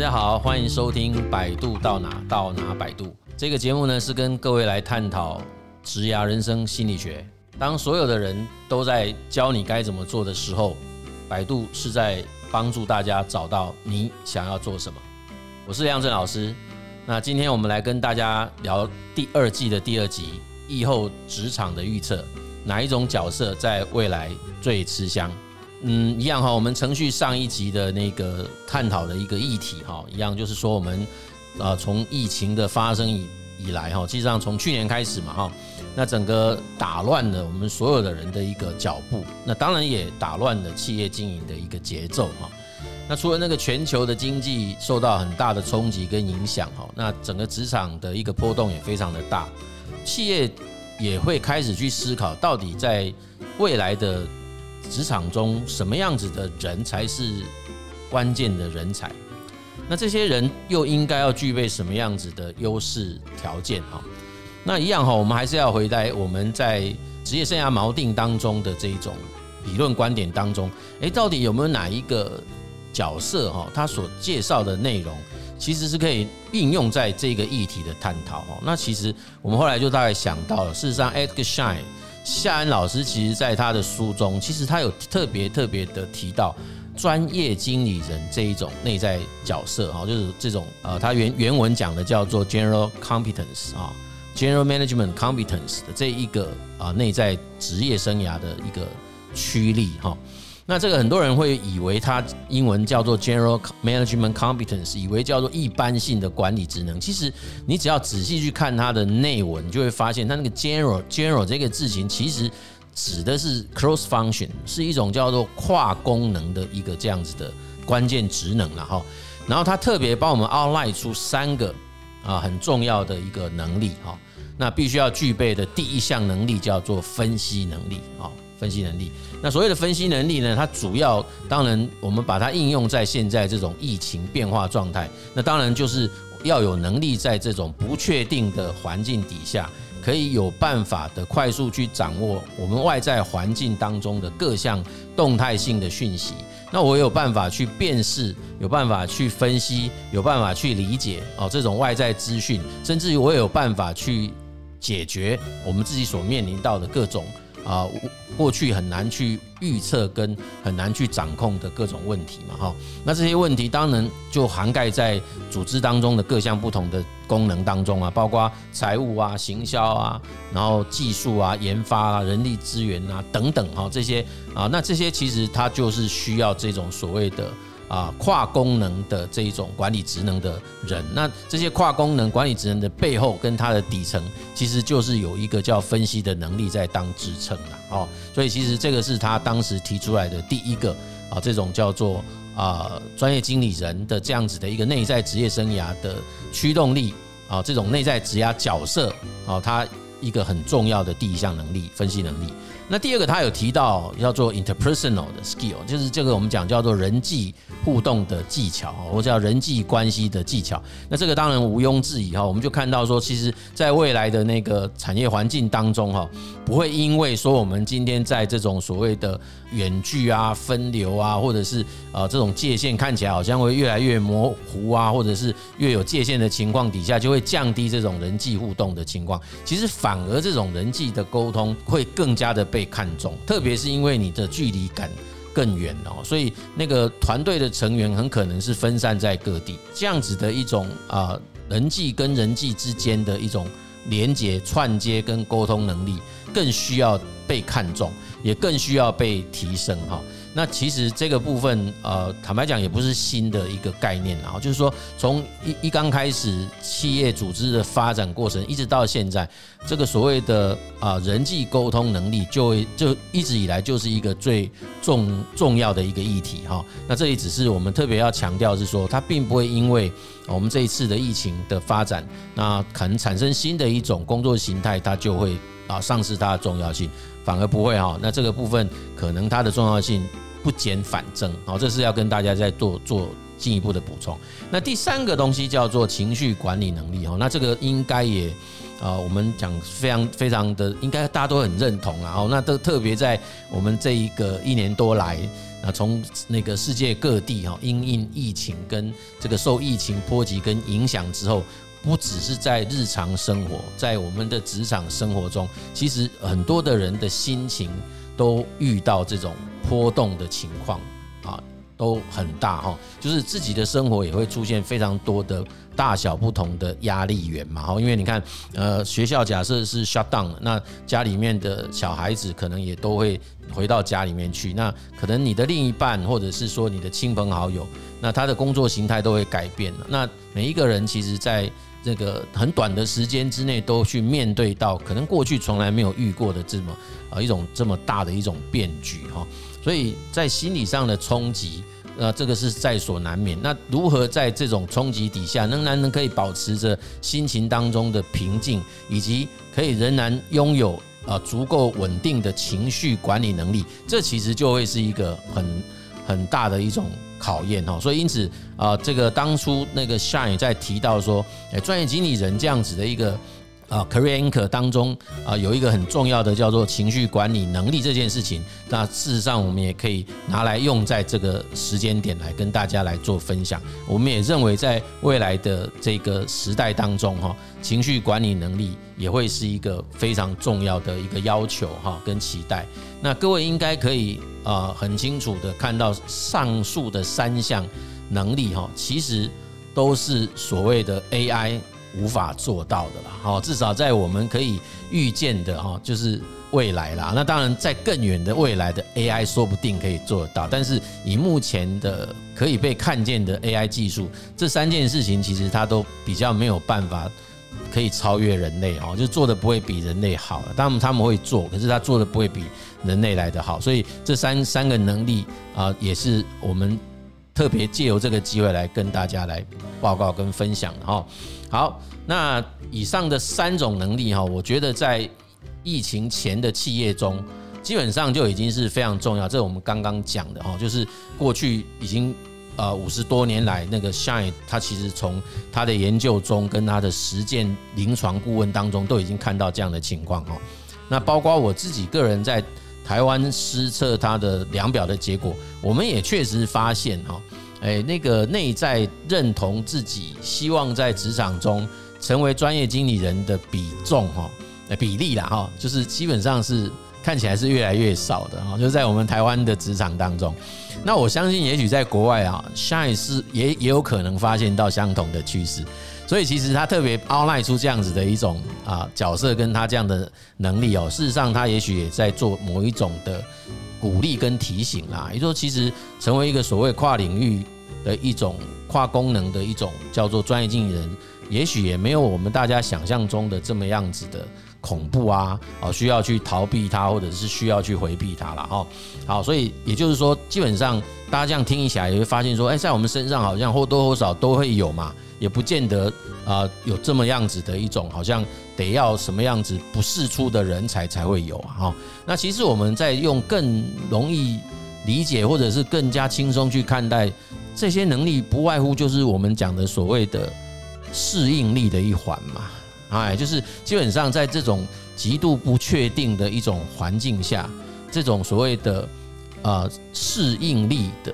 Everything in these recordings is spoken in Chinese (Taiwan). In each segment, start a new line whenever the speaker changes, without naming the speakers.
大家好，歡迎收聽《擺渡到哪，到哪擺渡》，這個節目呢，是跟各位來探討職涯人生心理學。當所有的人都在教你該怎麼做的時候，擺渡是在幫助大家找到你想要做什麼。我是亮震老師，那今天我們來跟大家聊第二季的第二集疫後職場的預測，哪一種角色在未來最吃香？嗯，一樣哈，我們程序上一集的那個探討的一個議題哈，一樣就是說我們，啊，從疫情的發生以以來哈，實際上從去年開始嘛哈，那整個打亂了我們所有的人的一個腳步，那當然也打亂了企業經營的一個節奏哈。那除了那個全球的經濟受到很大的衝擊跟影響哈，那整個職場的一個波動也非常的大，企業也會開始去思考到底在未來的。職場中什麼樣子的人才是關鍵的人才？那這些人又應該要具備什麼樣子的優勢條件哈，那一樣哈，我們還是要回到我們在職業生涯錨定當中的這一種理論觀點當中。哎、欸，到底有沒有哪一個角色哈，他所介紹的內容其實是可以應用在這個議題的探討哈？那其實我們後來就大概想到了，事實上 Edgar Schein 夏安老師其實，在他的書中，其實他有特別特別的提到專業經理人這一種內在角色啊，就是這種呃，他原原文講的叫做 general competence 啊，general management competence 的這一個啊內在職業生涯的一個驅力哈。那這個很多人會以為它英文叫做 General Management Competence，以為叫做一般性的管理職能。其實你只要仔細去看它的內文，你就會發現它那個 General General 這個字形，其實指的是 Cross Function，是一種叫做跨功能的一個這樣子的關鍵職能。然後，然後它特別幫我們 Outline 出三個啊很重要的一個能力哈。那必須要具備的第一項能力叫做分析能力啊。分析能力，那所謂的分析能力呢？它主要，當然，我們把它應用在現在這種疫情變化狀態，那當然就是要有能力在這種不確定的環境底下，可以有辦法的快速去掌握我們外在環境當中的各項動態性的訊息。那我也有辦法去辨識，有辦法去分析，有辦法去理解哦，這種外在資訊，甚至於我也有辦法去解決我們自己所面臨到的各種。啊，過去很難去預測跟很難去掌控的各種問題嘛，哈。那這些問題當然就涵蓋在組織當中的各項不同的功能當中啊，包括財務啊、行銷啊，然後技術啊、研發啊、人力資源啊等等，哈，這些啊，那這些其實它就是需要這種所謂的。啊，跨功能的這一種管理職能的人，那這些跨功能管理職能的背後跟它的底層，其實就是有一個叫分析的能力在當支撐了哦。所以其實這個是他當時提出來的第一個啊，這種叫做啊專業經理人的這樣子的一個內在職業生涯的驅動力啊，這種內在職業角色啊，它一個很重要的第一項能力，分析能力。那第二個，他有提到要做 interpersonal 的 skill，就是這個我們講叫做人際互動的技巧，或者叫人際關係的技巧。那這個當然毋庸置疑哈，我們就看到說，其實在未來的那個產業環境當中哈，不會因為說我們今天在這種所謂的遠距啊、分流啊，或者是呃這種界限看起來好像會越來越模糊啊，或者是越有界限的情況底下，就會降低這種人際互動的情況。其實反而這種人際的溝通會更加的被。被看重，特別是因為你的距離感更遠哦，所以那個團隊的成員很可能是分散在各地，這樣子的一種啊，人際跟人際之間的一種連接、串接跟溝通能力，更需要被看重，也更需要被提升哈。那其實這個部分，呃，坦白講也不是新的一個概念啊，就是說從一一剛開始企業組織的發展過程，一直到現在，這個所謂的啊人際溝通能力，就會就一直以來就是一個最重重要的一個議題哈。那這裡只是我們特別要強調是說，它並不會因為我們這一次的疫情的發展，那可能產生新的一種工作形態，它就會啊喪失它的重要性，反而不會哈。那這個部分可能它的重要性。不減反增，哦，這是要跟大家再做做進一步的補充。那第三個東西叫做情緒管理能力，哦，那這個應該也，啊，我們講非常非常的，應該大家都很認同了，那都特別在我們這一個一年多來，啊，從那個世界各地，哈，因應疫情跟這個受疫情波及跟影響之後，不只是在日常生活，在我們的職場生活中，其實很多的人的心情都遇到這種。波動的情況啊，都很大哈。就是自己的生活也會出現非常多的大小不同的壓力源嘛。哈，因為你看，呃，學校假設是 shut down，那家裡面的小孩子可能也都會回到家裡面去。那可能你的另一半或者是說你的親朋好友，那他的工作形態都會改變了。那每一個人其實，在這個很短的時間之內，都去面對到可能過去從來沒有遇過的這麼啊一種這麼大的一種變局哈。所以在心理上的衝擊，呃，這個是在所難免。那如何在這種衝擊底下，仍然能可以保持着心情當中的平靜，以及可以仍然擁有呃足夠穩定的情緒管理能力，這其實就會是一個很很大的一種考驗哈。所以因此啊，這個當初那個夏雨在提到說，哎，專業經理人這樣子的一個。啊，Career Anchor 當中啊，有一個很重要的叫做情緒管理能力這件事情。那事實上，我們也可以拿來用在這個時間點來跟大家來做分享。我們也認為，在未來的這個時代當中，哈，情緒管理能力也會是一個非常重要的一個要求，哈，跟期待。那各位應該可以啊，很清楚的看到上述的三項能力，哈，其實都是所謂的 AI，無法做到的啦，好，至少在我們可以預見的哈，就是未來啦。那當然，在更遠的未來的 AI 說不定可以做得到，但是以目前的可以被看見的 AI 技術，這三件事情其實它都比較沒有辦法可以超越人類哦，就做的不會比人類好了。當然，他們會做，可是他做的不會比人類來得好。所以這三三個能力啊，也是我們。特別借由這個機會來跟大家來報告跟分享哈，好，那以上的三種能力哈，我覺得在疫情前的企業中，基本上就已經是非常重要。這我們剛剛講的哈，就是過去已經呃五十多年來，那個 Schein 他其實從他的研究中跟他的實踐臨床顧問當中，都已經看到這樣的情況哈。那包括我自己個人在。台灣施測他的量表的結果，我們也確實發現哈，哎，那個內在認同自己希望在職場中成為專業經理人的比重哈，比例啦哈，就是基本上是看起來是越來越少的哈，就是在我們台灣的職場當中，那我相信也許在國外啊，下一次也也有可能發現到相同的趨勢。所以其實他特別 outline 出這樣子的一種啊角色，跟他這樣的能力哦、喔，事實上他也許也在做某一種的鼓勵跟提醒啊。也就是說，其實成為一個所謂跨領域的一種跨功能的一種叫做專業經理人，也許也沒有我們大家想象中的這麼樣子的恐怖啊，哦，需要去逃避他，或者是需要去回避他了哈。好，所以也就是說，基本上大家這樣聽一下，也會發現說，誒，在我們身上好像或多或少都會有嘛，也不見得。啊，有這麼樣子的一種，好像得要什麼樣子不世出的人才才會有哈、啊。那其實我們在用更容易理解，或者是更加輕鬆去看待這些能力，不外乎就是我們講的所謂的適應力的一環嘛。哎，就是基本上在這種極度不確定的一種環境下，這種所謂的呃適應力的。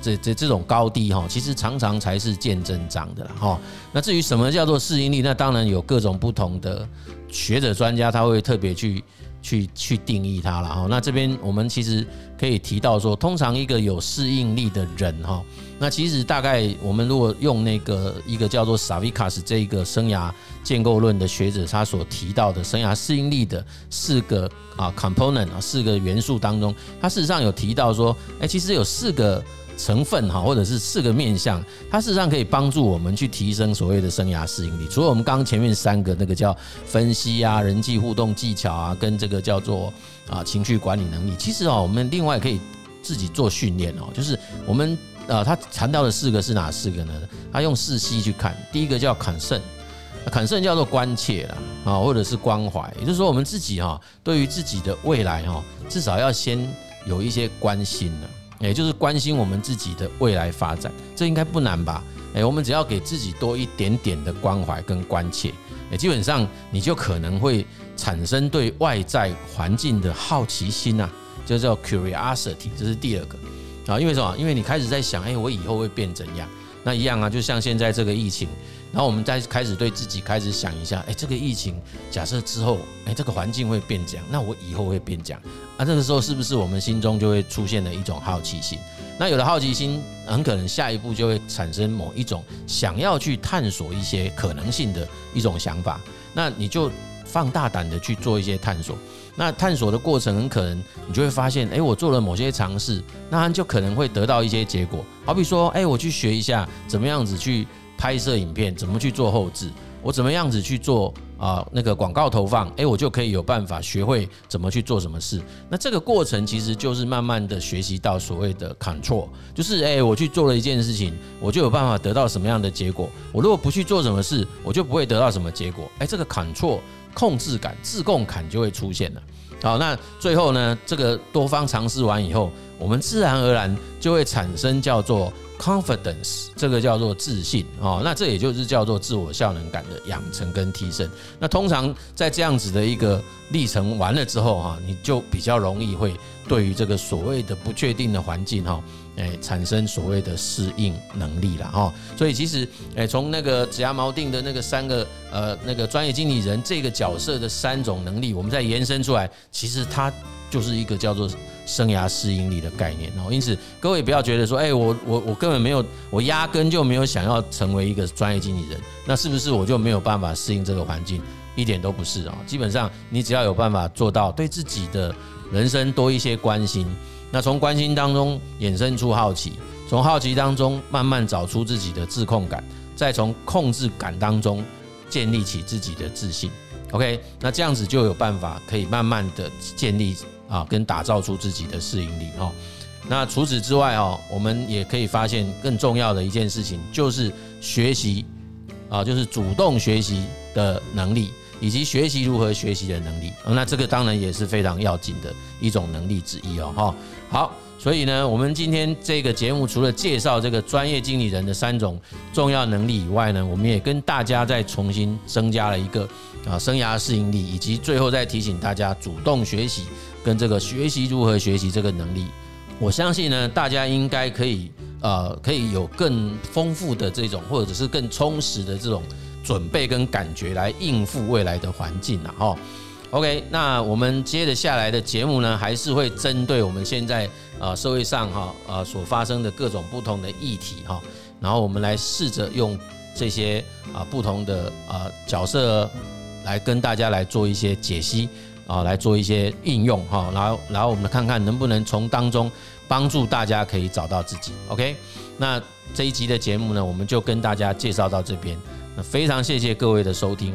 這這這種高低哈，其實常常才是見真章的啦哈。那至於什麼叫做適應力，那當然有各種不同的學者專家，他會特別去去去定義它了哈。那這邊我們其實可以提到說，通常一個有適應力的人哈，那其實大概我們如果用那個一個叫做 Savikas 這一個生涯建構論的學者，他所提到的生涯適應力的四個啊 component 啊四個元素當中，他事實上有提到說，誒，其實有四個。成分哈，或者是四個面向，它事實上可以幫助我們去提升所謂的生涯適應力。除了我們剛剛前面三個那個叫分析啊、人際互動技巧啊，跟這個叫做啊情緒管理能力，其實啊，我們另外可以自己做訓練哦。就是我們呃，他談到的四個是哪四個呢？他用四 C 去看，第一個叫 Concern，Concern 叫做關切了啊，或者是關懷，也就是說我們自己哈，對於自己的未來哈，至少要先有一些關心了。也就是關心我們自己的未來發展，這應該不難吧？誒，我們只要給自己多一點點的關懷跟關切，誒，基本上你就可能會產生對外在環境的好奇心啊，就叫 curiosity，這是第二個啊。因為什麼？因為你開始在想，誒、欸，我以後會變怎樣？那一樣啊，就像現在這個疫情，然後我們再開始對自己開始想一下，哎，這個疫情假設之後，哎，這個環境會變這樣，那我以後會變這樣，啊，這個時候是不是我們心中就會出現了一種好奇心？那有了好奇心，很可能下一步就會產生某一種想要去探索一些可能性的一種想法，那你就放大膽的去做一些探索。那探索的過程很可能，你就會發現，哎、欸，我做了某些嘗試，那就可能會得到一些結果。好比說，哎、欸，我去學一下怎麼樣子去拍攝影片，怎麼去做後製。我怎麼樣子去做啊？那個廣告投放，誒，我就可以有辦法學會怎麼去做什麼事。那這個過程其實就是慢慢的學習到所謂的 control，就是誒，我去做了一件事情，我就有辦法得到什麼樣的結果。我如果不去做什麼事，我就不會得到什麼結果。誒，這個 control 控制感、自控感就會出現了。好，那最後呢，這個多方嘗試完以後，我們自然而然就會產生叫做 confidence 這個叫做自信哦，那這也就是叫做自我效能感的養成跟提升。那通常在這樣子的一個歷程完了之後哈，你就比較容易會對於這個所謂的不確定的環境哈，哎，產生所謂的適應能力了哈。所以其實哎，從那個職涯錨定的那個三個呃那個專業經理人這個角色的三種能力，我們再延伸出來，其實他。就是一個叫做生涯適應力的概念哦，因此各位不要覺得說，誒，我我我根本沒有，我壓根就沒有想要成為一個專業經理人，那是不是我就沒有辦法適應這個環境？一點都不是啊，基本上你只要有辦法做到對自己的人生多一些關心，那從關心當中衍生出好奇，從好奇當中慢慢找出自己的自控感，再從控制感當中建立起自己的自信。OK，那這樣子就有辦法可以慢慢的建立。啊，跟打造出自己的適應力哈。那除此之外哦，我們也可以發現更重要的一件事情，就是學習啊，就是主動學習的能力，以及學習如何學習的能力。那這個當然也是非常要緊的一種能力之一哦。哈，好，所以呢，我們今天這個節目除了介紹這個專業經理人的三種重要能力以外呢，我們也跟大家再重新增加了一個啊，生涯適應力，以及最後再提醒大家主動學習。跟這個學習如何學習這個能力，我相信呢，大家應該可以呃，可以有更豐富的這種，或者是更充實的這種準備跟感覺來應付未來的環境吶哈。OK，那我們接着下來的節目呢，還是會針對我們現在呃社會上哈呃所發生的各種不同的議題哈，然後我們來試着用這些啊不同的啊角色來跟大家來做一些解析。啊，來做一些應用哈，然後然後我們看看能不能從當中幫助大家可以找到自己。OK，那這一集的節目呢，我們就跟大家介紹到這邊。非常謝謝各位的收聽，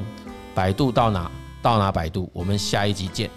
擺渡到哪，到哪擺渡，我們下一集見。